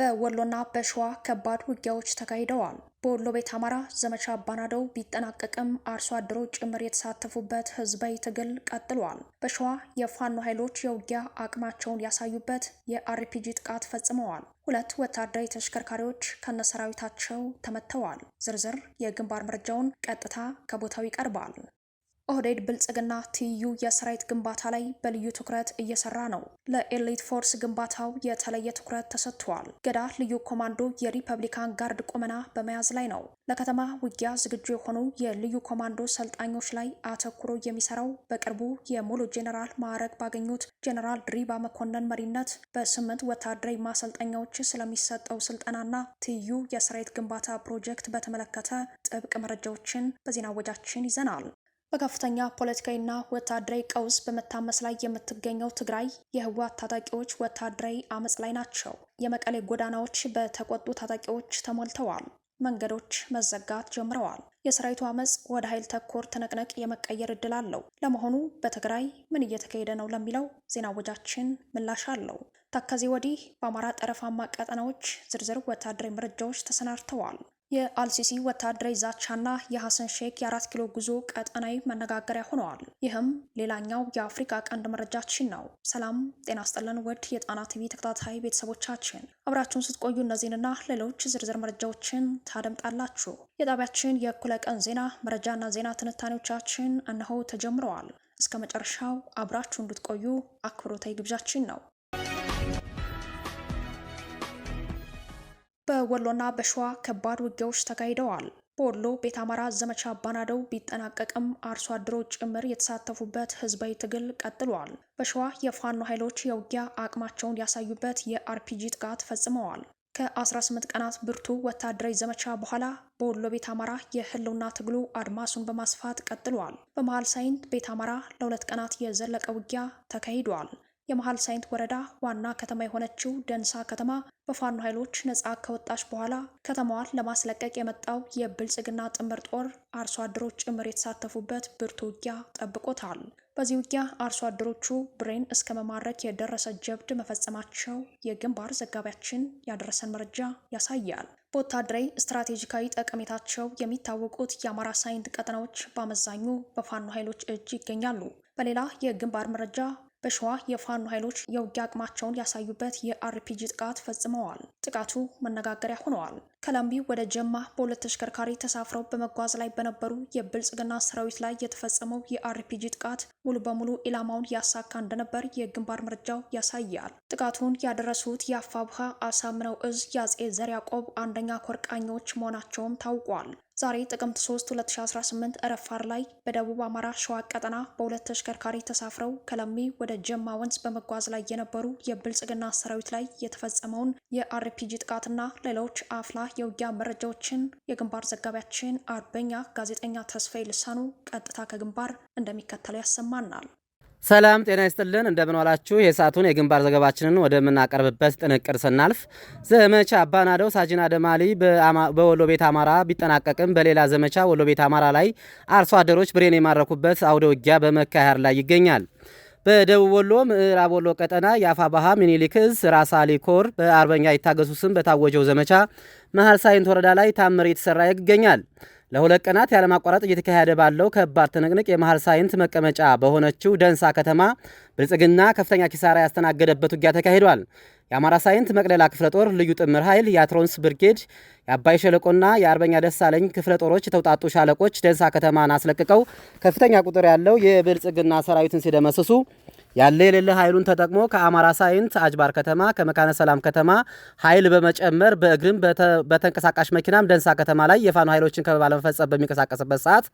በወሎና በሸዋ ከባድ ውጊያዎች ተካሂደዋል። በወሎ ቤት አማራ ዘመቻ አባናደው ቢጠናቀቅም አርሶ አደሮች ጭምር የተሳተፉበት ህዝባዊ ትግል ቀጥሏል። በሸዋ የፋኖ ኃይሎች የውጊያ አቅማቸውን ያሳዩበት የአርፒጂ ጥቃት ፈጽመዋል። ሁለት ወታደራዊ ተሽከርካሪዎች ከነሰራዊታቸው ተመተዋል። ዝርዝር የግንባር መረጃውን ቀጥታ ከቦታው ይቀርባል። ኦህዴድ ብልጽግና ትይዩ የሰራዊት ግንባታ ላይ በልዩ ትኩረት እየሰራ ነው። ለኤሊት ፎርስ ግንባታው የተለየ ትኩረት ተሰጥቷል። ገዳ ልዩ ኮማንዶ የሪፐብሊካን ጋርድ ቁመና በመያዝ ላይ ነው። ለከተማ ውጊያ ዝግጁ የሆኑ የልዩ ኮማንዶ ሰልጣኞች ላይ አተኩሮ የሚሰራው በቅርቡ የሙሉ ጄኔራል ማዕረግ ባገኙት ጄኔራል ድሪባ መኮንን መሪነት በስምንት ወታደራዊ ማሰልጠኛዎች ስለሚሰጠው ስልጠናና ትይዩ የሰራዊት ግንባታ ፕሮጀክት በተመለከተ ጥብቅ መረጃዎችን በዜና ወጃችን ይዘናል። በከፍተኛ ፖለቲካዊና ወታደራዊ ቀውስ በመታመስ ላይ የምትገኘው ትግራይ የህወሓት ታጣቂዎች ወታደራዊ አመፅ ላይ ናቸው። የመቀሌ ጎዳናዎች በተቆጡ ታጣቂዎች ተሞልተዋል። መንገዶች መዘጋት ጀምረዋል። የሰራዊቱ አመፅ ወደ ኃይል ተኮር ትንቅንቅ የመቀየር እድል አለው። ለመሆኑ በትግራይ ምን እየተካሄደ ነው ለሚለው ዜና ወጃችን ምላሽ አለው። ታከዜ ወዲህ በአማራ ጠረፋማ ቀጠናዎች ዝርዝር ወታደራዊ መረጃዎች ተሰናድተዋል። የአልሲሲ ወታደራዊ ዛቻና የሐሰን ሼክ የአራት ኪሎ ጉዞ ቀጠናዊ መነጋገሪያ ሆነዋል። ይህም ሌላኛው የአፍሪካ ቀንድ መረጃችን ነው። ሰላም ጤና ስጥልን ውድ የጣና ቲቪ ተከታታይ ቤተሰቦቻችን አብራችሁን ስትቆዩ እነዚህንና ሌሎች ዝርዝር መረጃዎችን ታደምጣላችሁ። የጣቢያችን የእኩለ ቀን ዜና መረጃና ዜና ትንታኔዎቻችን እነሆ ተጀምረዋል። እስከ መጨረሻው አብራችሁ እንድትቆዩ አክብሮታዊ ግብዣችን ነው። በወሎና በሸዋ ከባድ ውጊያዎች ተካሂደዋል። በወሎ ቤት አማራ ዘመቻ አባናደው ቢጠናቀቅም አርሶ አደሮች ጭምር የተሳተፉበት ህዝባዊ ትግል ቀጥሏል። በሸዋ የፋኖ ኃይሎች የውጊያ አቅማቸውን ያሳዩበት የአርፒጂ ጥቃት ፈጽመዋል። ከ18 ቀናት ብርቱ ወታደራዊ ዘመቻ በኋላ በወሎ ቤት አማራ የህልውና ትግሉ አድማሱን በማስፋት ቀጥሏል። በመሃል ሳይንት ቤት አማራ ለሁለት ቀናት የዘለቀ ውጊያ ተካሂዷል። የመሀል ሳይንት ወረዳ ዋና ከተማ የሆነችው ደንሳ ከተማ በፋኖ ኃይሎች ነፃ ከወጣች በኋላ ከተማዋን ለማስለቀቅ የመጣው የብልጽግና ጥምር ጦር አርሶ አደሮች ጭምር የተሳተፉበት ብርቱ ውጊያ ጠብቆታል። በዚህ ውጊያ አርሶ አደሮቹ ብሬን እስከ መማረክ የደረሰ ጀብድ መፈጸማቸው የግንባር ዘጋቢያችን ያደረሰን መረጃ ያሳያል። በወታደራዊ ስትራቴጂካዊ ጠቀሜታቸው የሚታወቁት የአማራ ሳይንት ቀጠናዎች በአመዛኙ በፋኖ ኃይሎች እጅ ይገኛሉ። በሌላ የግንባር መረጃ በሸዋ የፋኖ ኃይሎች የውጊያ አቅማቸውን ያሳዩበት የአርፒጂ ጥቃት ፈጽመዋል። ጥቃቱ መነጋገሪያ ሆነዋል። ከላምቢ ወደ ጀማ በሁለት ተሽከርካሪ ተሳፍረው በመጓዝ ላይ በነበሩ የብልጽግና ሰራዊት ላይ የተፈጸመው የአርፒጂ ጥቃት ሙሉ በሙሉ ኢላማውን ያሳካ እንደነበር የግንባር መረጃው ያሳያል። ጥቃቱን ያደረሱት የአፋብሃ አሳምነው እዝ የአጼ ዘርያቆብ አንደኛ ኮርቃኞች መሆናቸውም ታውቋል። ዛሬ ጥቅምት 3 2018 ረፋር ላይ በደቡብ አማራ ሸዋ ቀጠና በሁለት ተሽከርካሪ ተሳፍረው ከለሚ ወደ ጀማ ወንዝ በመጓዝ ላይ የነበሩ የብልጽግና ሰራዊት ላይ የተፈጸመውን የአርፒጂ ጥቃትና ሌሎች አፍላ የውጊያ መረጃዎችን የግንባር ዘጋቢያችን አርበኛ ጋዜጠኛ ተስፋዬ ልሳኑ ቀጥታ ከግንባር እንደሚከተለው ያሰማናል። ሰላም ጤና ይስጥልን፣ እንደምንዋላችሁ። ዋላችሁ። የሰዓቱን የግንባር ዘገባችንን ወደምናቀርብበት ጥንቅር ስናልፍ ዘመቻ አባናደው ሳጅን አደማሊ በወሎ ቤት አማራ ቢጠናቀቅም በሌላ ዘመቻ ወሎ ቤት አማራ ላይ አርሶ አደሮች ብሬን የማረኩበት አውደ ውጊያ በመካሄድ ላይ ይገኛል። በደቡብ ወሎ ምዕራብ ወሎ ቀጠና የአፋ ባሃ ሚኒሊክ እዝ ራስ አሊ ኮር በአርበኛ ይታገሱ ስም በታወጀው ዘመቻ መሀል ሳይንት ወረዳ ላይ ታምር እየተሰራ ይገኛል። ለሁለት ቀናት ያለማቋረጥ እየተካሄደ ባለው ከባድ ትንቅንቅ የመሀል ሳይንት መቀመጫ በሆነችው ደንሳ ከተማ ብልጽግና ከፍተኛ ኪሳራ ያስተናገደበት ውጊያ ተካሂዷል። የአማራ ሳይንት መቅደላ ክፍለ ጦር ልዩ ጥምር ኃይል የአትሮንስ ብርጌድ የአባይ ሸለቆና የአርበኛ ደሳለኝ ክፍለ ጦሮች የተውጣጡ ሻለቆች ደንሳ ከተማን አስለቅቀው ከፍተኛ ቁጥር ያለው የብልጽግና ሰራዊትን ሲደመስሱ ያለ የሌለ ኃይሉን ተጠቅሞ ከአማራ ሳይንት አጅባር ከተማ ከመካነ ሰላም ከተማ ኃይል በመጨመር በእግርም በተንቀሳቃሽ መኪናም ደንሳ ከተማ ላይ የፋኖ ኃይሎችን ከበባ ለመፈጸም በሚንቀሳቀስበት ሰዓት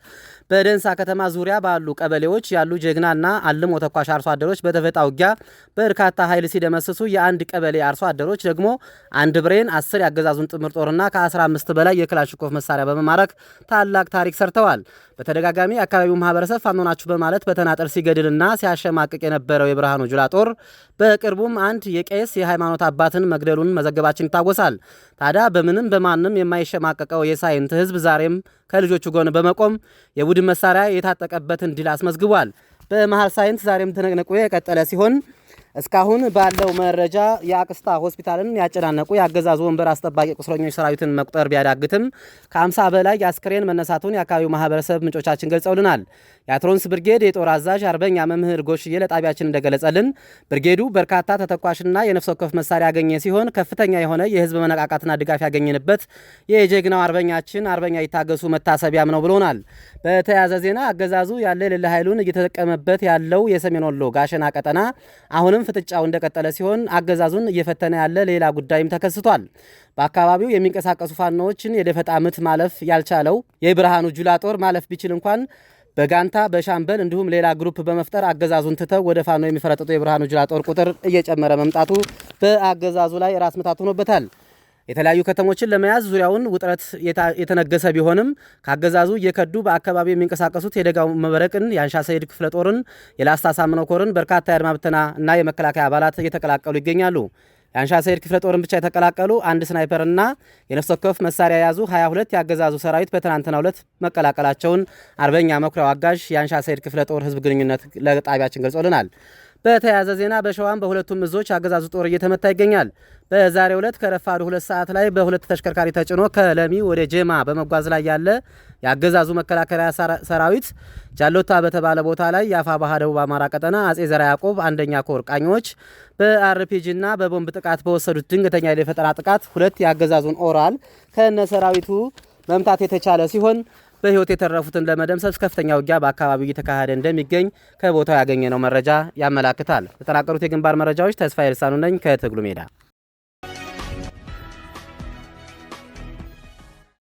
በደንሳ ከተማ ዙሪያ ባሉ ቀበሌዎች ያሉ ጀግናና አልሞ ተኳሽ አርሶ አደሮች በተፈጣ ውጊያ በርካታ ኃይል ሲደመስሱ የአንድ ቀበሌ አርሶ አደሮች ደግሞ አንድ ብሬን አስር ያገዛዙን ጥምር ጦርና ከ ከ በላይ የክላሽንኮቭ መሳሪያ በመማረክ ታላቅ ታሪክ ሰርተዋል። በተደጋጋሚ የአካባቢው ማህበረሰብ ፋኖ ናችሁ በማለት በተናጠል ሲገድልና ሲያሸማቅቅ የነበረው የብርሃኑ ጁላ ጦር በቅርቡም አንድ የቄስ የሃይማኖት አባትን መግደሉን መዘገባችን ይታወሳል። ታዲያ በምንም በማንም የማይሸማቀቀው የሳይንት ህዝብ ዛሬም ከልጆቹ ጎን በመቆም የቡድን መሳሪያ የታጠቀበትን ድል አስመዝግቧል። በመሀል ሳይንት ዛሬም ተነቅነቁ የቀጠለ ሲሆን እስካሁን ባለው መረጃ የአቅስታ ሆስፒታልን ያጨናነቁ የአገዛዙ ወንበር አስጠባቂ ቁስለኞች ሰራዊትን መቁጠር ቢያዳግትም ከአምሳ በላይ የአስክሬን መነሳቱን የአካባቢው ማህበረሰብ ምንጮቻችን ገልጸውልናል። የአትሮንስ ብርጌድ የጦር አዛዥ አርበኛ መምህር ጎሽዬ ለጣቢያችን እንደገለጸልን ብርጌዱ በርካታ ተተኳሽና የነፍስ ወከፍ መሳሪያ ያገኘ ሲሆን ከፍተኛ የሆነ የህዝብ መነቃቃትና ድጋፍ ያገኘንበት የጀግናው አርበኛችን አርበኛ ይታገሱ መታሰቢያም ነው ብሎናል። በተያያዘ ዜና አገዛዙ ያለ የሌለ ኃይሉን እየተጠቀመበት ያለው የሰሜን ወሎ ጋሸና ቀጠና አሁንም ፍጥጫው እንደቀጠለ ሲሆን አገዛዙን እየፈተነ ያለ ሌላ ጉዳይም ተከስቷል። በአካባቢው የሚንቀሳቀሱ ፋኖዎችን የደፈጣ ምት ማለፍ ያልቻለው የብርሃኑ ጁላ ጦር ማለፍ ቢችል እንኳን በጋንታ በሻምበል እንዲሁም ሌላ ግሩፕ በመፍጠር አገዛዙን ትተው ወደ ፋኖ የሚፈረጠጡ የብርሃኑ ጁላ ጦር ቁጥር እየጨመረ መምጣቱ በአገዛዙ ላይ ራስ ምታት ሆኖበታል። የተለያዩ ከተሞችን ለመያዝ ዙሪያውን ውጥረት የተነገሰ ቢሆንም ከአገዛዙ እየከዱ በአካባቢ የሚንቀሳቀሱት የደጋው መበረቅን የአንሻ ሰይድ ክፍለ ጦርን፣ የላስታ ሳምነው ኮርን በርካታ የአድማ ብተና እና የመከላከያ አባላት እየተቀላቀሉ ይገኛሉ። የአንሻ ሰይድ ክፍለ ጦርን ብቻ የተቀላቀሉ አንድ ስናይፐርና የነፍስ ወከፍ መሳሪያ የያዙ 22 የአገዛዙ ሰራዊት በትናንትናው ዕለት መቀላቀላቸውን አርበኛ መኩሪያው አጋዥ የአንሻ ሰይድ ክፍለ ጦር ህዝብ ግንኙነት ለጣቢያችን ገልጾልናል። በተያያዘ ዜና በሸዋም በሁለቱም እዞች አገዛዙ ጦር እየተመታ ይገኛል። በዛሬው ዕለት ከረፋዱ ሁለት ሰዓት ላይ በሁለት ተሽከርካሪ ተጭኖ ከለሚ ወደ ጀማ በመጓዝ ላይ ያለ የአገዛዙ መከላከያ ሰራዊት ጃሎታ በተባለ ቦታ ላይ የአፋ ባህ ደቡብ አማራ ቀጠና አጼ ዘራ ያዕቆብ አንደኛ ኮር ቃኞች በአርፒጂና በቦምብ ጥቃት በወሰዱት ድንገተኛ የፈጠራ ጥቃት ሁለት የአገዛዙን ኦራል ከነ ሰራዊቱ መምታት የተቻለ ሲሆን በህይወት የተረፉትን ለመደምሰስ ከፍተኛ ውጊያ በአካባቢው እየተካሄደ እንደሚገኝ ከቦታው ያገኘነው መረጃ ያመላክታል። የተጠናቀሩት የግንባር መረጃዎች ተስፋ የልሳኑ ነኝ ከትግሉ ሜዳ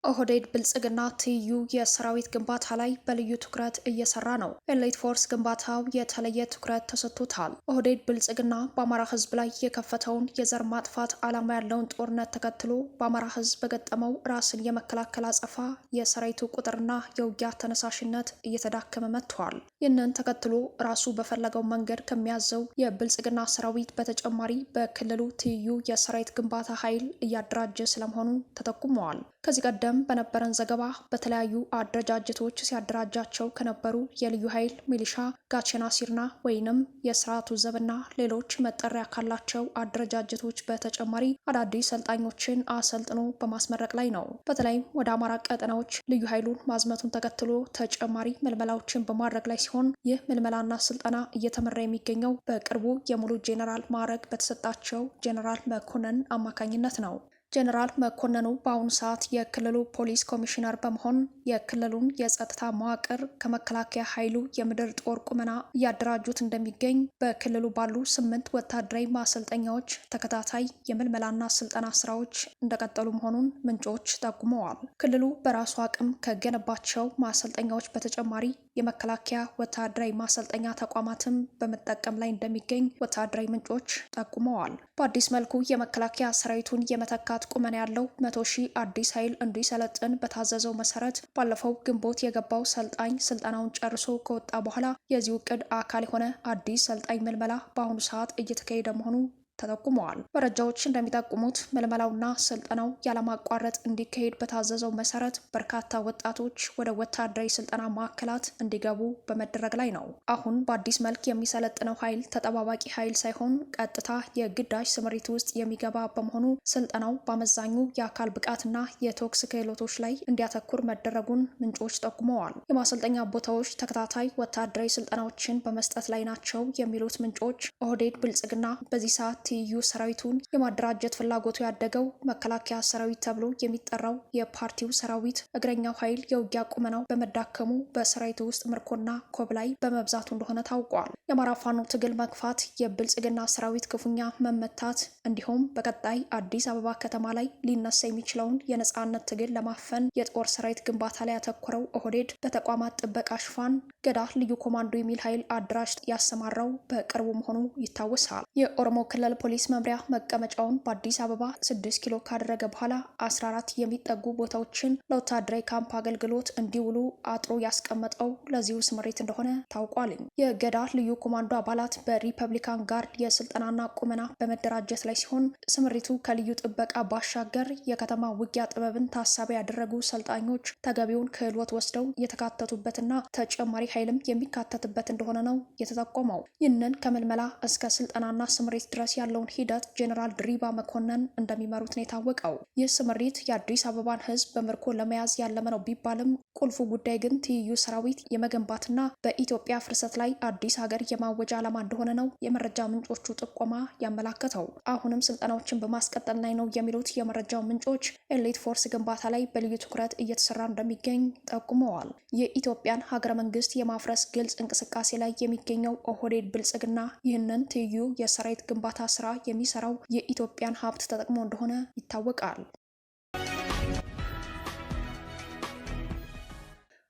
ኦህዴድ ብልጽግና ትይዩ የሰራዊት ግንባታ ላይ በልዩ ትኩረት እየሰራ ነው። ኤሌት ፎርስ ግንባታው የተለየ ትኩረት ተሰጥቶታል። ኦህዴድ ብልጽግና በአማራ ሕዝብ ላይ የከፈተውን የዘር ማጥፋት ዓላማ ያለውን ጦርነት ተከትሎ በአማራ ሕዝብ በገጠመው ራስን የመከላከል አጸፋ የሰራዊቱ ቁጥርና የውጊያ ተነሳሽነት እየተዳከመ መጥቷል። ይህንን ተከትሎ ራሱ በፈለገው መንገድ ከሚያዘው የብልጽግና ሰራዊት በተጨማሪ በክልሉ ትይዩ የሰራዊት ግንባታ ኃይል እያደራጀ ስለመሆኑ ተጠቁመዋል። ከዚህ ቀደም ቀደም በነበረን ዘገባ በተለያዩ አደረጃጀቶች ሲያደራጃቸው ከነበሩ የልዩ ኃይል ሚሊሻ፣ ጋቼና ሲርና ወይንም የስርዓቱ ዘብና ሌሎች መጠሪያ ካላቸው አደረጃጀቶች በተጨማሪ አዳዲስ ሰልጣኞችን አሰልጥኖ በማስመረቅ ላይ ነው። በተለይም ወደ አማራ ቀጠናዎች ልዩ ኃይሉን ማዝመቱን ተከትሎ ተጨማሪ ምልመላዎችን በማድረግ ላይ ሲሆን ይህ ምልመላና ስልጠና እየተመራ የሚገኘው በቅርቡ የሙሉ ጄኔራል ማዕረግ በተሰጣቸው ጄኔራል መኮንን አማካኝነት ነው። ጀኔራል መኮንኑ በአሁኑ ሰዓት የክልሉ ፖሊስ ኮሚሽነር በመሆን የክልሉን የጸጥታ መዋቅር ከመከላከያ ኃይሉ የምድር ጦር ቁመና እያደራጁት እንደሚገኝ በክልሉ ባሉ ስምንት ወታደራዊ ማሰልጠኛዎች ተከታታይ የምልመላና ስልጠና ስራዎች እንደቀጠሉ መሆኑን ምንጮች ጠቁመዋል። ክልሉ በራሱ አቅም ከገነባቸው ማሰልጠኛዎች በተጨማሪ የመከላከያ ወታደራዊ ማሰልጠኛ ተቋማትም በመጠቀም ላይ እንደሚገኝ ወታደራዊ ምንጮች ጠቁመዋል። በአዲስ መልኩ የመከላከያ ሰራዊቱን የመተካት ቁመና ያለው መቶ ሺህ አዲስ ኃይል እንዲሰለጥን በታዘዘው መሰረት ባለፈው ግንቦት የገባው ሰልጣኝ ስልጠናውን ጨርሶ ከወጣ በኋላ የዚሁ ውቅድ አካል የሆነ አዲስ ሰልጣኝ ምልመላ በአሁኑ ሰዓት እየተካሄደ መሆኑ ተጠቁመዋል። መረጃዎች እንደሚጠቁሙት ምልመላውና ስልጠናው ያለማቋረጥ እንዲካሄድ በታዘዘው መሰረት በርካታ ወጣቶች ወደ ወታደራዊ ስልጠና ማዕከላት እንዲገቡ በመደረግ ላይ ነው። አሁን በአዲስ መልክ የሚሰለጥነው ኃይል ተጠባባቂ ኃይል ሳይሆን ቀጥታ የግዳጅ ስምሪት ውስጥ የሚገባ በመሆኑ ስልጠናው በአመዛኙ የአካል ብቃትና የቶክስ ክህሎቶች ላይ እንዲያተኩር መደረጉን ምንጮች ጠቁመዋል። የማሰልጠኛ ቦታዎች ተከታታይ ወታደራዊ ስልጠናዎችን በመስጠት ላይ ናቸው የሚሉት ምንጮች ኦህዴድ ብልጽግና በዚህ ሰዓት ትይዩ ሰራዊቱን የማደራጀት ፍላጎቱ ያደገው መከላከያ ሰራዊት ተብሎ የሚጠራው የፓርቲው ሰራዊት እግረኛው ኃይል የውጊያ ቁመናው በመዳከሙ በሰራዊቱ ውስጥ ምርኮና ኮብላይ በመብዛቱ እንደሆነ ታውቋል። የአማራ ፋኖ ትግል መግፋት፣ የብልጽግና ሰራዊት ክፉኛ መመታት እንዲሁም በቀጣይ አዲስ አበባ ከተማ ላይ ሊነሳ የሚችለውን የነፃነት ትግል ለማፈን የጦር ሰራዊት ግንባታ ላይ ያተኮረው ኦህዴድ በተቋማት ጥበቃ ሽፋን ገዳ ልዩ ኮማንዶ የሚል ኃይል አድራሽ ያሰማራው በቅርቡ መሆኑ ይታወሳል። የኦሮሞ ክልል ፌዴራል ፖሊስ መምሪያ መቀመጫውን በአዲስ አበባ 6 ኪሎ ካደረገ በኋላ 14 የሚጠጉ ቦታዎችን ለወታደራዊ ካምፕ አገልግሎት እንዲውሉ አጥሮ ያስቀመጠው ለዚሁ ስምሪት እንደሆነ ታውቋል። የገዳ ልዩ ኮማንዶ አባላት በሪፐብሊካን ጋርድ የስልጠናና ቁመና በመደራጀት ላይ ሲሆን ስምሪቱ ከልዩ ጥበቃ ባሻገር የከተማ ውጊያ ጥበብን ታሳቢ ያደረጉ ሰልጣኞች ተገቢውን ክህሎት ወስደው የተካተቱበትና ተጨማሪ ኃይልም የሚካተትበት እንደሆነ ነው የተጠቆመው። ይህንን ከምልመላ እስከ ስልጠናና ስምሪት ድረስ ያለውን ሂደት ጄኔራል ድሪባ መኮንን እንደሚመሩት ነው የታወቀው። ይህ ስምሪት የአዲስ አበባን ህዝብ በምርኮ ለመያዝ ያለመ ነው ቢባልም ቁልፉ ጉዳይ ግን ትይዩ ሰራዊት የመገንባትና በኢትዮጵያ ፍርሰት ላይ አዲስ ሀገር የማወጅ ዓላማ እንደሆነ ነው የመረጃ ምንጮቹ ጥቆማ ያመላከተው። አሁንም ስልጠናዎችን በማስቀጠል ላይ ነው የሚሉት የመረጃው ምንጮች ኤሊት ፎርስ ግንባታ ላይ በልዩ ትኩረት እየተሰራ እንደሚገኝ ጠቁመዋል። የኢትዮጵያን ሀገረ መንግስት የማፍረስ ግልጽ እንቅስቃሴ ላይ የሚገኘው ኦህዴድ ብልጽግና ይህንን ትይዩ የሰራዊት ግንባታ ስራ የሚሰራው የኢትዮጵያን ሀብት ተጠቅሞ እንደሆነ ይታወቃል።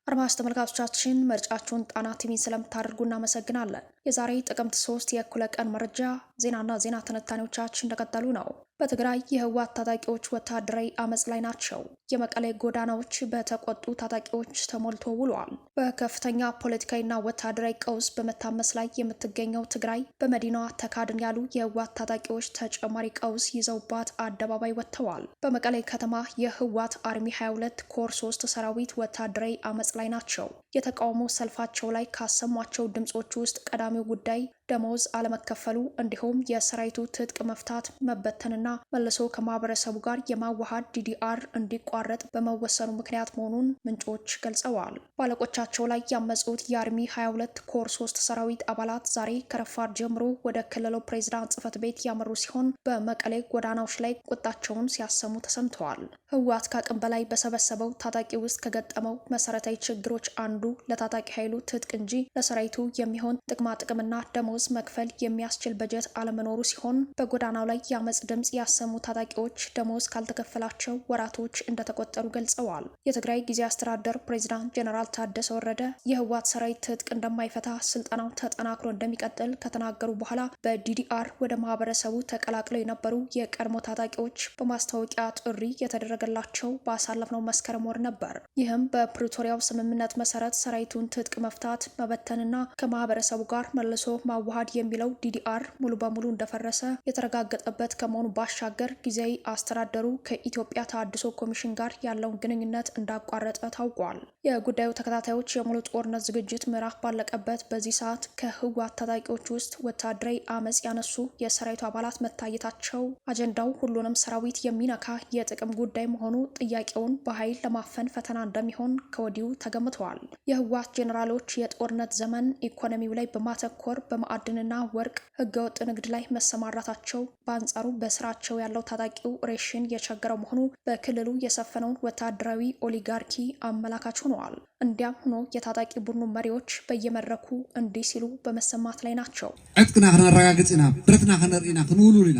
አርማስ ተመልካቾቻችን ምርጫችሁን ጣና ቲቪን ስለምታደርጉ እናመሰግናለን። የዛሬ ጥቅምት ሶስት የእኩለ ቀን መረጃ ዜናና ዜና ትንታኔዎቻችን እንደቀጠሉ ነው። በትግራይ የህወሓት ታጣቂዎች ወታደራዊ አመፅ ላይ ናቸው። የመቀሌ ጎዳናዎች በተቆጡ ታጣቂዎች ተሞልቶ ውሏል። በከፍተኛ ፖለቲካዊና ወታደራዊ ቀውስ በመታመስ ላይ የምትገኘው ትግራይ በመዲናዋ ተካድን ያሉ የህወሓት ታጣቂዎች ተጨማሪ ቀውስ ይዘውባት አደባባይ ወጥተዋል። በመቀሌ ከተማ የህወሓት አርሚ 22 ኮር 3 ሰራዊት ወታደራዊ አመፅ ላይ ናቸው። የተቃውሞ ሰልፋቸው ላይ ካሰሟቸው ድምጾች ውስጥ ቀዳሚ የፍጻሜው ጉዳይ ደሞዝ አለመከፈሉ እንዲሁም የሰራዊቱ ትጥቅ መፍታት መበተንና መልሶ ከማህበረሰቡ ጋር የማዋሃድ ዲዲአር እንዲቋረጥ በመወሰኑ ምክንያት መሆኑን ምንጮች ገልጸዋል። ባለቆቻቸው ላይ ያመጹት የአርሚ 22 ኮር 3 ሰራዊት አባላት ዛሬ ከረፋድ ጀምሮ ወደ ክልሉ ፕሬዝዳንት ጽህፈት ቤት ያመሩ ሲሆን በመቀሌ ጎዳናዎች ላይ ቁጣቸውን ሲያሰሙ ተሰምተዋል። ህወሓት ከአቅም በላይ በሰበሰበው ታጣቂ ውስጥ ከገጠመው መሰረታዊ ችግሮች አንዱ ለታጣቂ ኃይሉ ትጥቅ እንጂ ለሰራዊቱ የሚሆን ጥቅማጥቅምና ደሞ ደሞዝ መክፈል የሚያስችል በጀት አለመኖሩ ሲሆን በጎዳናው ላይ የአመፅ ድምፅ ያሰሙ ታጣቂዎች ደሞዝ ካልተከፈላቸው ወራቶች እንደተቆጠሩ ገልጸዋል። የትግራይ ጊዜ አስተዳደር ፕሬዚዳንት ጀኔራል ታደሰ ወረደ የህወሓት ሰራዊት ትጥቅ እንደማይፈታ ስልጠናው ተጠናክሮ እንደሚቀጥል ከተናገሩ በኋላ በዲዲአር ወደ ማህበረሰቡ ተቀላቅለው የነበሩ የቀድሞ ታጣቂዎች በማስታወቂያ ጥሪ የተደረገላቸው ባሳለፍነው መስከረም ወር ነበር። ይህም በፕሪቶሪያው ስምምነት መሰረት ሰራዊቱን ትጥቅ መፍታት መበተንና ከማህበረሰቡ ጋር መልሶ ማ ማዋሃድ የሚለው ዲዲአር ሙሉ በሙሉ እንደፈረሰ የተረጋገጠበት ከመሆኑ ባሻገር ጊዜያዊ አስተዳደሩ ከኢትዮጵያ ተሃድሶ ኮሚሽን ጋር ያለውን ግንኙነት እንዳቋረጠ ታውቋል። የጉዳዩ ተከታታዮች የሙሉ ጦርነት ዝግጅት ምዕራፍ ባለቀበት በዚህ ሰዓት ከህወሓት ታጣቂዎች ውስጥ ወታደራዊ አመፅ ያነሱ የሰራዊቱ አባላት መታየታቸው አጀንዳው ሁሉንም ሰራዊት የሚነካ የጥቅም ጉዳይ መሆኑ ጥያቄውን በኃይል ለማፈን ፈተና እንደሚሆን ከወዲሁ ተገምተዋል። የህወሓት ጄኔራሎች የጦርነት ዘመን ኢኮኖሚው ላይ በማተኮር በማ ማዕድንና ወርቅ ህገወጥ ንግድ ላይ መሰማራታቸው፣ በአንጻሩ በስራቸው ያለው ታጣቂው ሬሽን የቸገረው መሆኑ በክልሉ የሰፈነውን ወታደራዊ ኦሊጋርኪ አመላካች ሆነዋል። እንዲያም ሆኖ የታጣቂ ቡድኑ መሪዎች በየመድረኩ እንዲህ ሲሉ በመሰማት ላይ ናቸው። ዕጥቅና ክነረጋግጽ ብረትና ክነርኢና ክንውሉል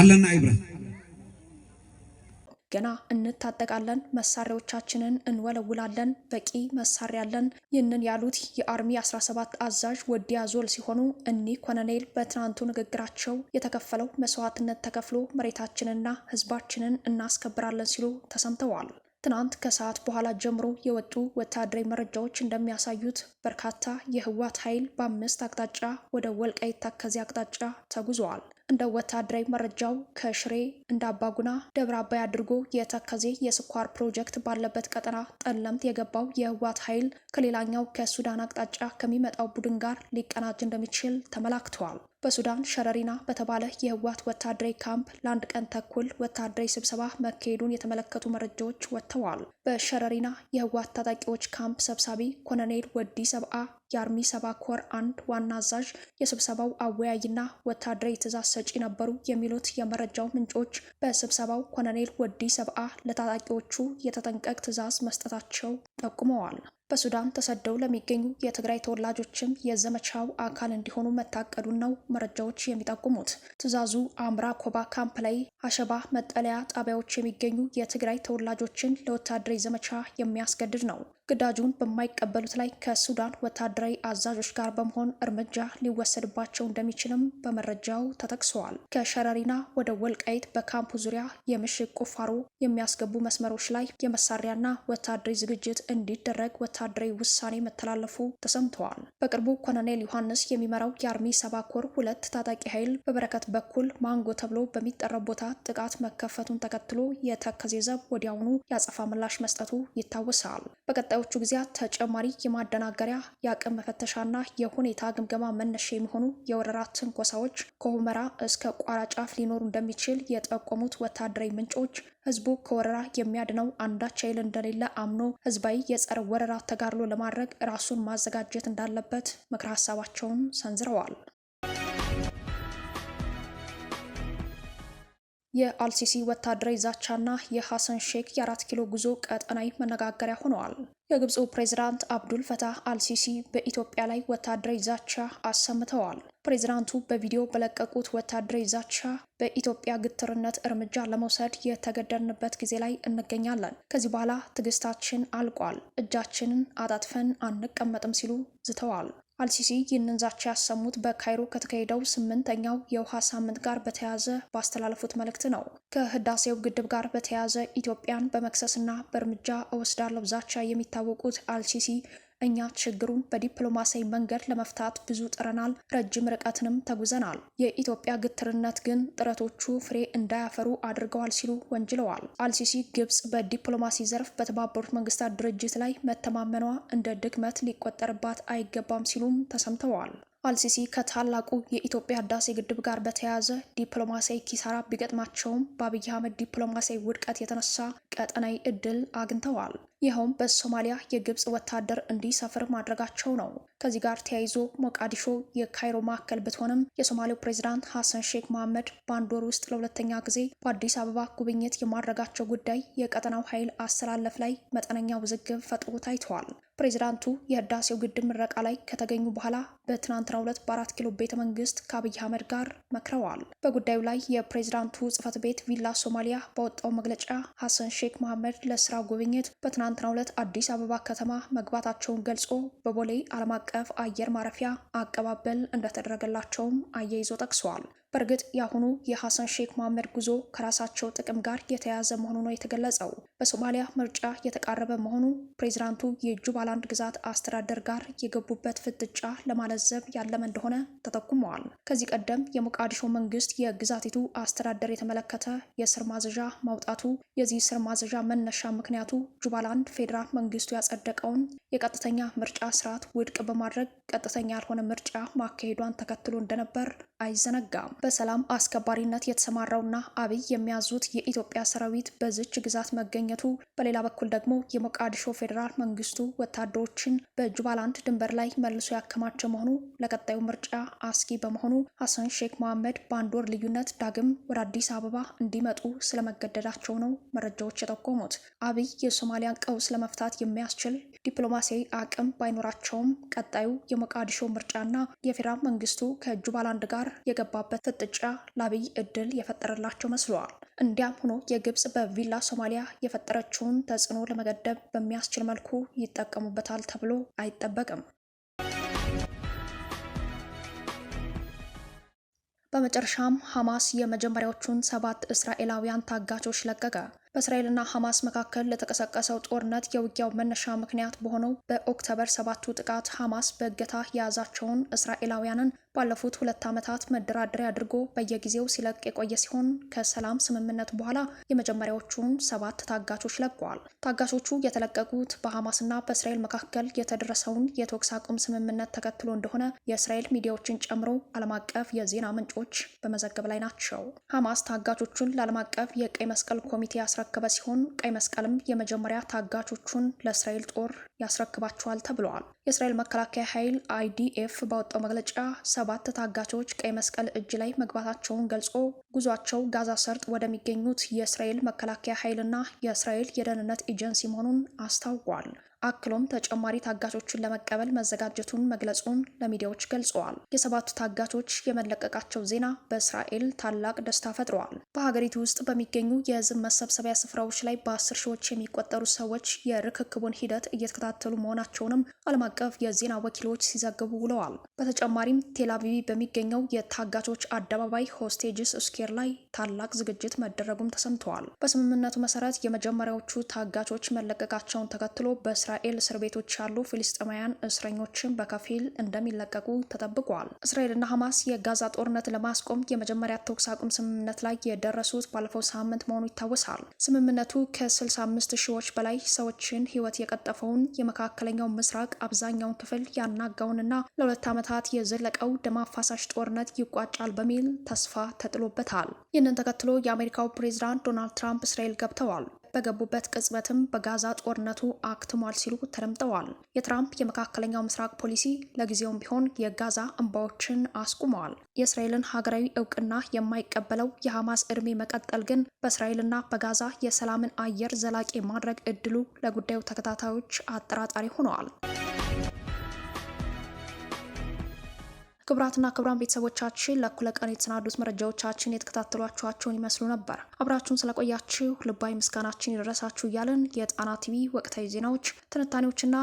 አለና ይብረት ገና እንታጠቃለን፣ መሳሪያዎቻችንን እንወለውላለን፣ በቂ መሳሪያ አለን። ይህንን ያሉት የአርሚ 17 አዛዥ ወዲያ ዞል ሲሆኑ እኒህ ኮሎኔል በትናንቱ ንግግራቸው የተከፈለው መስዋዕትነት ተከፍሎ መሬታችንና ህዝባችንን እናስከብራለን ሲሉ ተሰምተዋል። ትናንት ከሰዓት በኋላ ጀምሮ የወጡ ወታደራዊ መረጃዎች እንደሚያሳዩት በርካታ የህወሓት ኃይል በአምስት አቅጣጫ ወደ ወልቃይት ተከዜ አቅጣጫ ተጉዘዋል። እንደ ወታደራዊ መረጃው ከሽሬ እንደ አባጉና ደብረ አባይ አድርጎ የተከዜ የስኳር ፕሮጀክት ባለበት ቀጠና ጠለምት የገባው የህወሓት ኃይል ከሌላኛው ከሱዳን አቅጣጫ ከሚመጣው ቡድን ጋር ሊቀናጅ እንደሚችል ተመላክተዋል። በሱዳን ሸረሪና በተባለ የህወሓት ወታደራዊ ካምፕ ለአንድ ቀን ተኩል ወታደራዊ ስብሰባ መካሄዱን የተመለከቱ መረጃዎች ወጥተዋል። በሸረሪና የህወሓት ታጣቂዎች ካምፕ ሰብሳቢ ኮሎኔል ወዲ ሰብአ የአርሚ ሰባ ኮር አንድ ዋና አዛዥ የስብሰባው አወያይና ወታደራዊ ትእዛዝ ሰጪ ነበሩ የሚሉት የመረጃው ምንጮች በስብሰባው ኮሎኔል ወዲ ሰብአ ለታጣቂዎቹ የተጠንቀቅ ትእዛዝ መስጠታቸው ጠቁመዋል። በሱዳን ተሰደው ለሚገኙ የትግራይ ተወላጆችም የዘመቻው አካል እንዲሆኑ መታቀዱን ነው መረጃዎች የሚጠቁሙት። ትዕዛዙ አምራ ኮባ ካምፕ ላይ አሸባ መጠለያ ጣቢያዎች የሚገኙ የትግራይ ተወላጆችን ለወታደራዊ ዘመቻ የሚያስገድድ ነው። ግዳጁን በማይቀበሉት ላይ ከሱዳን ወታደራዊ አዛዦች ጋር በመሆን እርምጃ ሊወሰድባቸው እንደሚችልም በመረጃው ተጠቅሰዋል። ከሸረሪና ወደ ወልቃይት በካምፑ ዙሪያ የምሽግ ቁፋሮ የሚያስገቡ መስመሮች ላይ የመሳሪያና ወታደራዊ ዝግጅት እንዲደረግ ወታደራዊ ውሳኔ መተላለፉ ተሰምተዋል። በቅርቡ ኮሎኔል ዮሐንስ የሚመራው የአርሚ ሰባ ኮር ሁለት ታጣቂ ኃይል በበረከት በኩል ማንጎ ተብሎ በሚጠራው ቦታ ጥቃት መከፈቱን ተከትሎ የተከዜ ዘብ ወዲያውኑ የአጸፋ ምላሽ መስጠቱ ይታወሳል። በቀጣዮቹ ጊዜያት ተጨማሪ የማደናገሪያ የአቅም መፈተሻና የሁኔታ ግምገማ መነሻ የሚሆኑ የወረራ ትንኮሳዎች ከሁመራ እስከ ቋራ ጫፍ ሊኖሩ እንደሚችል የጠቆሙት ወታደራዊ ምንጮች ህዝቡ ከወረራ የሚያድነው አንዳች ኃይል እንደሌለ አምኖ ህዝባዊ የጸረ ወረራ ተጋድሎ ለማድረግ ራሱን ማዘጋጀት እንዳለበት ምክረ ሀሳባቸውን ሰንዝረዋል። የአልሲሲ ወታደራዊ ዛቻና የሐሰን ሼክ የአራት ኪሎ ጉዞ ቀጠናዊ መነጋገሪያ ሆነዋል። የግብፁ ፕሬዝዳንት አብዱል ፈታህ አልሲሲ በኢትዮጵያ ላይ ወታደራዊ ዛቻ አሰምተዋል። ፕሬዝዳንቱ በቪዲዮ በለቀቁት ወታደራዊ ዛቻ በኢትዮጵያ ግትርነት እርምጃ ለመውሰድ የተገደድንበት ጊዜ ላይ እንገኛለን፣ ከዚህ በኋላ ትዕግስታችን አልቋል፣ እጃችንን አጣጥፈን አንቀመጥም ሲሉ ዝተዋል። አልሲሲ ይህንን ዛቻ ያሰሙት በካይሮ ከተካሄደው ስምንተኛው የውሃ ሳምንት ጋር በተያያዘ ባስተላለፉት መልእክት ነው። ከህዳሴው ግድብ ጋር በተያያዘ ኢትዮጵያን በመክሰስና በእርምጃ እወስዳለው ዛቻ የሚታወቁት አልሲሲ እኛ ችግሩን በዲፕሎማሲያዊ መንገድ ለመፍታት ብዙ ጥረናል፣ ረጅም ርቀትንም ተጉዘናል። የኢትዮጵያ ግትርነት ግን ጥረቶቹ ፍሬ እንዳያፈሩ አድርገዋል ሲሉ ወንጅለዋል። አልሲሲ ግብጽ በዲፕሎማሲ ዘርፍ በተባበሩት መንግስታት ድርጅት ላይ መተማመኗ እንደ ድክመት ሊቆጠርባት አይገባም ሲሉም ተሰምተዋል። አልሲሲ ከታላቁ የኢትዮጵያ ህዳሴ ግድብ ጋር በተያያዘ ዲፕሎማሲያዊ ኪሳራ ቢገጥማቸውም በአብይ አህመድ ዲፕሎማሲያዊ ውድቀት የተነሳ ቀጠናዊ እድል አግኝተዋል። ይኸውም በሶማሊያ የግብፅ ወታደር እንዲሰፍር ማድረጋቸው ነው። ከዚህ ጋር ተያይዞ ሞቃዲሾ የካይሮ ማዕከል ብትሆንም የሶማሌው ፕሬዚዳንት ሐሰን ሼክ መሐመድ በአንድ ወር ውስጥ ለሁለተኛ ጊዜ በአዲስ አበባ ጉብኝት የማድረጋቸው ጉዳይ የቀጠናው ኃይል አሰላለፍ ላይ መጠነኛ ውዝግብ ፈጥሮ ታይተዋል። ፕሬዚዳንቱ የህዳሴው ግድብ ምረቃ ላይ ከተገኙ በኋላ በትናንትናው ዕለት በአራት ኪሎ ቤተ መንግስት ከአብይ አህመድ ጋር መክረዋል። በጉዳዩ ላይ የፕሬዚዳንቱ ጽህፈት ቤት ቪላ ሶማሊያ ባወጣው መግለጫ ሐሰን ሼክ መሐመድ ለስራ ጉብኝት በትናንት በትናንትናው ዕለት አዲስ አበባ ከተማ መግባታቸውን ገልጾ በቦሌ ዓለም አቀፍ አየር ማረፊያ አቀባበል እንደተደረገላቸውም አያይዞ ጠቅሰዋል። በእርግጥ የአሁኑ የሐሰን ሼክ መሐመድ ጉዞ ከራሳቸው ጥቅም ጋር የተያያዘ መሆኑ ነው የተገለጸው። በሶማሊያ ምርጫ የተቃረበ መሆኑ ፕሬዚዳንቱ የጁባላንድ ግዛት አስተዳደር ጋር የገቡበት ፍጥጫ ለማለዘብ ያለመ እንደሆነ ተጠቁመዋል። ከዚህ ቀደም የሞቃዲሾ መንግስት የግዛቲቱ አስተዳደር የተመለከተ የስር ማዘዣ ማውጣቱ የዚህ ስር ማዘዣ መነሻ ምክንያቱ ጁባላንድ ፌዴራል መንግስቱ ያጸደቀውን የቀጥተኛ ምርጫ ስርዓት ውድቅ በማድረግ ቀጥተኛ ያልሆነ ምርጫ ማካሄዷን ተከትሎ እንደነበር አይዘነጋም። በሰላም አስከባሪነት የተሰማራውና አብይ የሚያዙት የኢትዮጵያ ሰራዊት በዝች ግዛት መገኘቱ፣ በሌላ በኩል ደግሞ የሞቃዲሾ ፌዴራል መንግስቱ ወታደሮችን በጁባላንድ ድንበር ላይ መልሶ ያከማቸ መሆኑ ለቀጣዩ ምርጫ አስጊ በመሆኑ ሐሰን ሼክ መሐመድ በአንድ ወር ልዩነት ዳግም ወደ አዲስ አበባ እንዲመጡ ስለመገደዳቸው ነው መረጃዎች የጠቆሙት። አብይ የሶማሊያን ቀውስ ለመፍታት የሚያስችል ዲፕሎማሲያዊ አቅም ባይኖራቸውም ቀጣዩ የሞቃዲሾ ምርጫና የፌዴራል መንግስቱ ከእጁ ባላንድ ጋር የገባበት ፍጥጫ ለአብይ እድል የፈጠረላቸው መስለዋል። እንዲያም ሆኖ የግብፅ በቪላ ሶማሊያ የፈጠረችውን ተጽዕኖ ለመገደብ በሚያስችል መልኩ ይጠቀሙበታል ተብሎ አይጠበቅም። በመጨረሻም ሐማስ የመጀመሪያዎቹን ሰባት እስራኤላውያን ታጋቾች ለቀቀ። በእስራኤልና ሐማስ መካከል ለተቀሰቀሰው ጦርነት የውጊያው መነሻ ምክንያት በሆነው በኦክቶበር ሰባቱ ጥቃት ሐማስ በእገታ የያዛቸውን እስራኤላውያንን ባለፉት ሁለት ዓመታት መደራደሪያ አድርጎ በየጊዜው ሲለቅ የቆየ ሲሆን ከሰላም ስምምነት በኋላ የመጀመሪያዎቹን ሰባት ታጋቾች ለቀዋል። ታጋቾቹ የተለቀቁት በሐማስና በእስራኤል መካከል የተደረሰውን የተኩስ አቁም ስምምነት ተከትሎ እንደሆነ የእስራኤል ሚዲያዎችን ጨምሮ ዓለም አቀፍ የዜና ምንጮች በመዘገብ ላይ ናቸው። ሐማስ ታጋቾቹን ለዓለም አቀፍ የቀይ መስቀል ኮሚቴ ያስረከበ ሲሆን ቀይ መስቀልም የመጀመሪያ ታጋቾቹን ለእስራኤል ጦር ያስረክባቸዋል ተብለዋል። የእስራኤል መከላከያ ኃይል አይዲኤፍ ባወጣው መግለጫ ሰባት ታጋቾች ቀይ መስቀል እጅ ላይ መግባታቸውን ገልጾ ጉዟቸው ጋዛ ሰርጥ ወደሚገኙት የእስራኤል መከላከያ ኃይልና የእስራኤል የደህንነት ኤጀንሲ መሆኑን አስታውቋል። አክሎም ተጨማሪ ታጋቾችን ለመቀበል መዘጋጀቱን መግለጹን ለሚዲያዎች ገልጸዋል። የሰባቱ ታጋቾች የመለቀቃቸው ዜና በእስራኤል ታላቅ ደስታ ፈጥረዋል። በሀገሪቱ ውስጥ በሚገኙ የህዝብ መሰብሰቢያ ስፍራዎች ላይ በአስር ሺዎች የሚቆጠሩ ሰዎች የርክክቡን ሂደት እየተከታተሉ መሆናቸውንም ዓለም አቀፍ የዜና ወኪሎች ሲዘግቡ ውለዋል። በተጨማሪም ቴል በሚገኘው የታጋቾች አደባባይ ሆስቴጅስ ስኬር ላይ ታላቅ ዝግጅት መደረጉም ተሰምተዋል። በስምምነቱ መሰረት የመጀመሪያዎቹ ታጋቾች መለቀቃቸውን ተከትሎ በእስራኤል የእስራኤል እስር ቤቶች ያሉ ፊልስጥማውያን እስረኞችን በከፊል እንደሚለቀቁ ተጠብቋል። እስራኤልና ሐማስ የጋዛ ጦርነት ለማስቆም የመጀመሪያ ተኩስ አቁም ስምምነት ላይ የደረሱት ባለፈው ሳምንት መሆኑ ይታወሳል። ስምምነቱ ከ65 ሺዎች በላይ ሰዎችን ሕይወት የቀጠፈውን የመካከለኛው ምስራቅ አብዛኛውን ክፍል ያናጋውንና ለሁለት ዓመታት የዘለቀው ደም አፋሳሽ ጦርነት ይቋጫል በሚል ተስፋ ተጥሎበታል። ይህንን ተከትሎ የአሜሪካው ፕሬዝዳንት ዶናልድ ትራምፕ እስራኤል ገብተዋል። በገቡበት ቅጽበትም በጋዛ ጦርነቱ አክትሟል ሲሉ ተደምጠዋል። የትራምፕ የመካከለኛው ምስራቅ ፖሊሲ ለጊዜውም ቢሆን የጋዛ እንባዎችን አስቁመዋል። የእስራኤልን ሀገራዊ እውቅና የማይቀበለው የሐማስ እድሜ መቀጠል ግን በእስራኤልና በጋዛ የሰላምን አየር ዘላቂ ማድረግ እድሉ ለጉዳዩ ተከታታዮች አጠራጣሪ ሆነዋል። ክብራትና ክብራን ቤተሰቦቻችን ለእኩለ ቀን የተሰናዱት መረጃዎቻችን የተከታተሏችኋቸውን ይመስሉ ነበር። አብራችሁን ስለቆያችሁ ልባዊ ምስጋናችን ይደረሳችሁ እያለን የጣና ቲቪ ወቅታዊ ዜናዎች፣ ትንታኔዎችና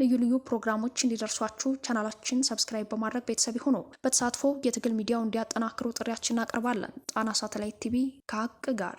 ልዩ ልዩ ፕሮግራሞች እንዲደርሷችሁ ቻናላችን ሰብስክራይብ በማድረግ ቤተሰብ ሆኖ በተሳትፎ የትግል ሚዲያው እንዲያጠናክሩ ጥሪያችን እናቀርባለን። ጣና ሳተላይት ቲቪ ከሀቅ ጋር